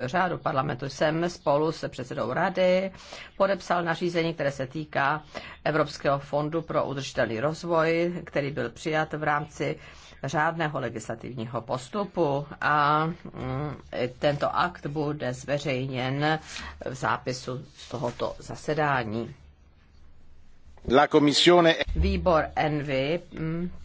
řádu parlamentu jsem spolu se předsedou rady podepsal nařízení, které se týká Evropského fondu pro udržitelný rozvoj, který byl přijat v rámci řádného legislativního postupu a mm, tento akt bude zveřejněn v zápisu z tohoto zasedání. La Výbor Envy mm,